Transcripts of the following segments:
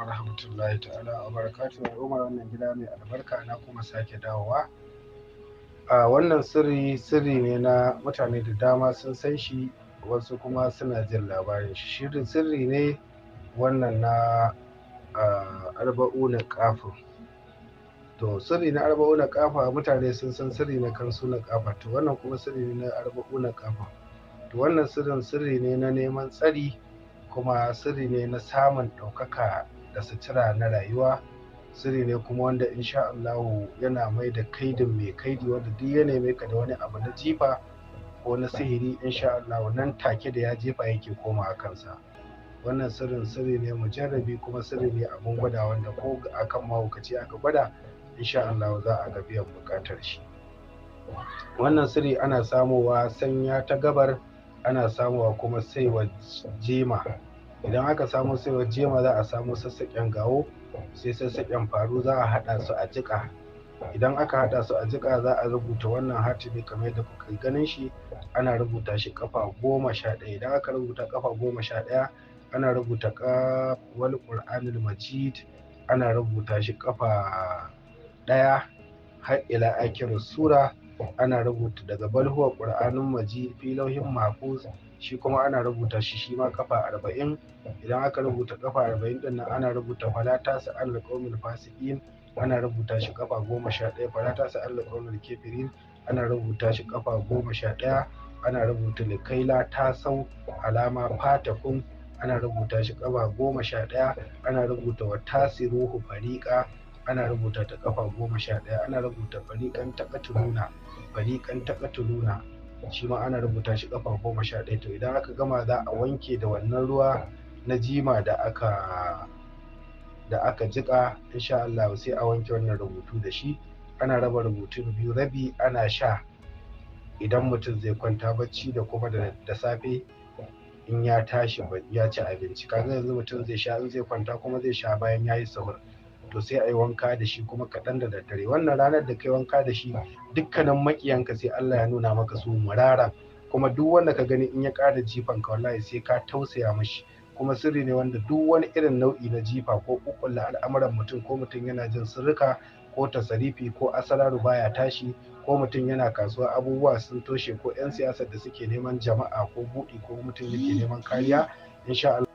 wa rahmatullahi ta'ala wa barakatuhu wa umar wannan gida mai albarka na kuma sake dawowa a wannan sirri sirri ne na mutane da dama sun san shi wasu kuma suna jin labarin shi shirin sirri ne wannan na na kafa to sirri na na kafa mutane sun san sirri na kansu na kafa to wannan kuma sirri ne na na kafa to wannan sirrin sirri ne na neman tsari kuma sirri ne na samun ɗaukaka da sutura na rayuwa sirri ne kuma wanda insha Allah yana mai da kaidin mai kaidi wanda duk ya neme ka da wani abu na jifa ko na sihiri insha Allah nan take da ya jefa yake koma a kansa wannan sirrin sirri ne mujarrabi kuma sirri ne abun gwada wanda ko akan mahaukaci aka gwada insha Allah za a ga biyan bukatar shi wannan sirri ana samowa sanya ta gabar ana samowa kuma saiwa jema idan aka samo saiwar jema za a samo sassaƙen gawo sai sassaƙen faru za a haɗa su a jiƙa idan aka haɗa su a jiƙa za a rubuta wannan hatimi kamar yadda kuka ganin shi ana rubuta shi ƙafa goma sha ɗaya idan aka rubuta ƙafa goma sha ɗaya ana rubuta wal qur'anul majid ana rubuta shi ƙafa ɗaya har ila akirin sura ana rubuta daga balhuwa ƙur'anin maji filohin makus shi kuma ana rubuta shi shi ma kafa arba'in idan aka rubuta kafa arba'in din nan ana rubuta falata su an liƙaumin fasikin ana rubuta shi kafa goma sha ɗaya falata su an liƙaumin kefirin ana rubuta shi kafa goma sha ɗaya ana rubuta likaila ta sau alama fatakun ana rubuta shi kafa goma sha ɗaya ana rubuta wa tasiruhu fariƙa ana rubuta ta kafa goma sha ɗaya ana rubuta fariƙan taƙatuluna fariƙan taƙatuluna shi ma ana rubuta shi kafa goma sha ɗaya to idan aka gama za a wanke da wannan ruwa na jima da aka da aka jika insha Allah sai a wanke wannan rubutu da shi ana raba rubutun biyu rabi ana sha idan mutum zai kwanta bacci da kuma da safe in ya tashi ya ci abinci kaga yanzu mutum zai sha in zai kwanta kuma zai sha bayan ya yi sahur to sai a yi wanka da shi kuma kaɗan da daddare wannan ranar da kai wanka da shi dukkanin makiyanka sai Allah ya nuna maka su murara kuma duk wanda ka gani in ya ƙara jifan ka wallahi sai ka tausaya mashi kuma sirri ne wanda duk wani irin nau'i na jifa ko kukkulla al'amuran mutum ko mutum yana jin sirrika ko tasarifi ko asararu baya tashi ko mutum yana kasuwa abubuwa sun toshe ko 'yan siyasar da suke neman jama'a ko buɗi ko mutum yake neman kariya insha Allah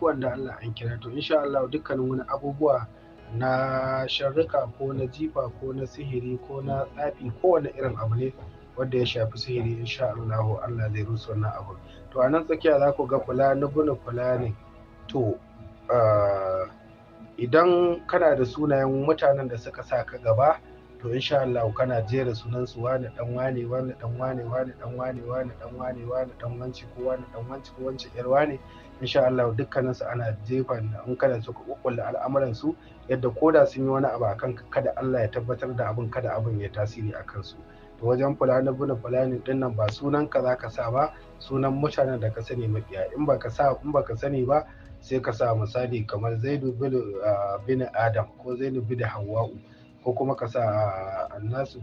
wanda Allah an kira to insha Allah dukkanin wani abubuwa na sharrika ko na jifa ko na sihiri ko na tsafi ko wani irin abu ne wanda ya shafi sihiri insha Allah Allah zai rusa wannan abu to a nan tsakiya za ku ga kula fulani kula ne to ah, idan kana da sunayen mutanen da suka sa ka gaba to insha Allah kana jera sunan su wani dan wani wani dan wani wani dan wani wani dan wani wani dan wanci ko wani dan wanci ko wanci yar wani insha Allah dukkanin su ana jefa in kana so ka al'amuran su yadda koda sun yi wani abu akan kada Allah ya tabbatar da abin kada abin ya tasiri akan su to wajen fulani bin fulani din nan ba sunan ka zaka sa ba sunan mutanen da ka sani makiya in baka sa in baka sani ba sai ka sa misali kamar zaidu ah, bin adam ko zainu bin hawwa'u ko kuma ka sa annasu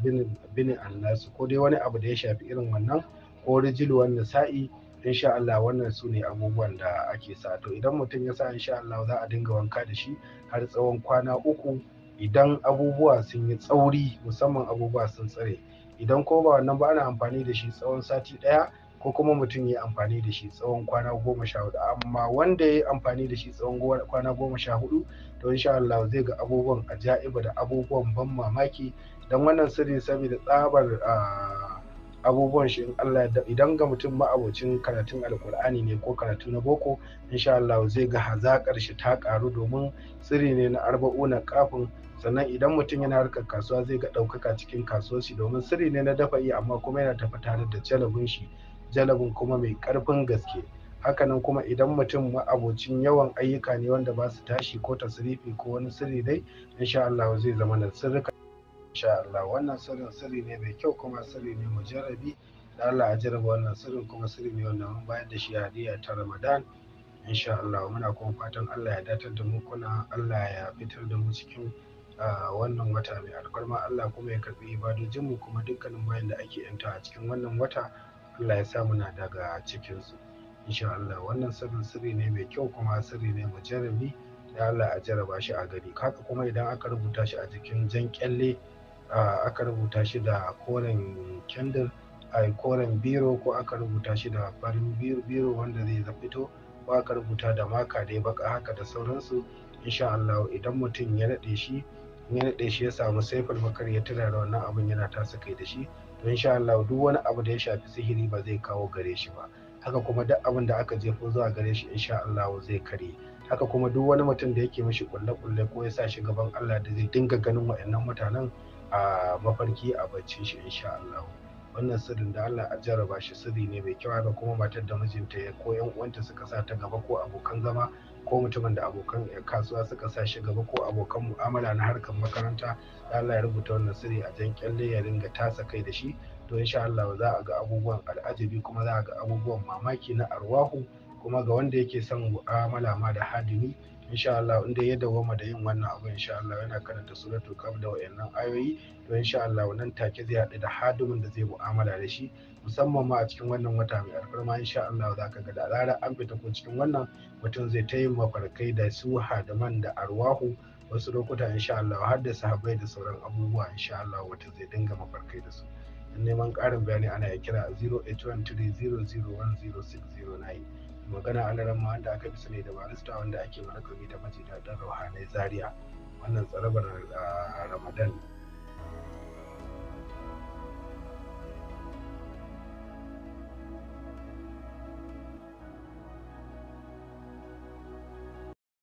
binin annasu ko dai wani abu da ya shafi irin wannan ko rijilu wannan sa'i insha Allah wannan su ne abubuwan da ake sa to idan mutum ya sa insha Allah za a dinga wanka da shi har tsawon kwana uku idan abubuwa sun yi tsauri musamman abubuwa sun tsare idan ko ba wannan ba ana amfani da shi tsawon sati ɗaya ko kuma mutum ya yi amfani da shi tsawon kwana goma sha hudu amma wanda ya yi amfani da shi tsawon kwana goma sha hudu to insha Allah zai ga abubuwan ajaiba da abubuwan ban mamaki don wannan sirri saboda tsabar ah, abubuwan shi Allah idan ga mutum ma'abocin karatun alkur'ani ne ko karatu na boko insha Allah zai ga hazakar shi ta ƙaru domin sirri ne na arba'una kafin sannan idan mutum yana harkar kasuwa zai ga ɗaukaka cikin kasuwar shi domin sirri ne na dafa iya amma kuma yana tafi tare da jalabin shi jalabin kuma mai ƙarfin gaske hakanan kuma idan mutum ma'abocin yawan ayyuka ne wanda ba su tashi ko tasrifi ko wani sirri dai insha Allah zai zama na sirrika insha Allah wannan sirrin sirri ne mai kyau kuma sirri ne mujarrabi da Allah a jarraba wannan sirrin kuma sirri ne wanda mun bayar da shi hadiya ta Ramadan insha Allah muna kuma fatan Allah ya datar da mu kuna Allah ya fitar da mu cikin wannan wata mai alkarma Allah kuma ya karbi mu kuma dukkanin bayan da ake yanta a cikin wannan wata Allah ya sa muna daga cikinsu insha Allah wannan sirrin sirri ne mai kyau kuma sirri ne jarabi. Ya Allah a jaraba shi a gari haka kuma idan aka rubuta shi a jikin jan kyalle aka rubuta shi da koren kendir a koren biro ko aka rubuta shi da farin biro wanda zai fito ko aka rubuta da maka dai baka haka da sauransu insha Allah idan mutum ya naɗe shi ya nade shi ya samu saifar bakar ya da wannan abin yana tasa kai da shi insha Allah duk wani abu da ya shafi sihiri ba zai kawo gare shi ba haka kuma duk abin da aka jefo zuwa gare shi insha Allah zai kare haka kuma duk wani mutum da yake mishi kulle-kulle ko ya sa shi gaban Allah da zai dinga ganin waɗannan mutanen a ah, mafarki a bacci shi insha Allah wannan sirrin da Allah a jarraba shi sirri ne mai kyau haka kuma matar da mijinta ya ko yan uwanta suka sa ta gaba ko abokan zama ko mutumin da abokan eh, kasuwa suka sa shi gaba ko abokan mu'amala na harkar makaranta da Allah ya rubuta wannan sirri a jan kyalle ya ringa tasa kai da shi to insha Allah za a ga abubuwan al'ajabi kuma za a ga abubuwan mamaki na arwahu kuma ga wanda yake son mu'amala ma da hadimi insha Allah in dai ya dawoma da yin wannan abu insha Allah yana karanta suratul kaf da wayannan ayoyi to insha Allah nan take zai haɗu da hadumin da zai mu'amala da shi musamman ma a cikin wannan wata mai alfarma insha Allah za ka ga da rara an fita ko cikin wannan mutum zai ta yin mafarkai da su man da arwahu wasu lokuta insha Allah har da sahabbai da sauran abubuwa insha Allah wata zai dinga mafarkai da su neman ƙarin bayani ana ya kira 0813 magana a alarama wanda aka fi sani da barista wanda ake malakabi da majidadin ruhanai zaria wannan tsarabar ah, ramadan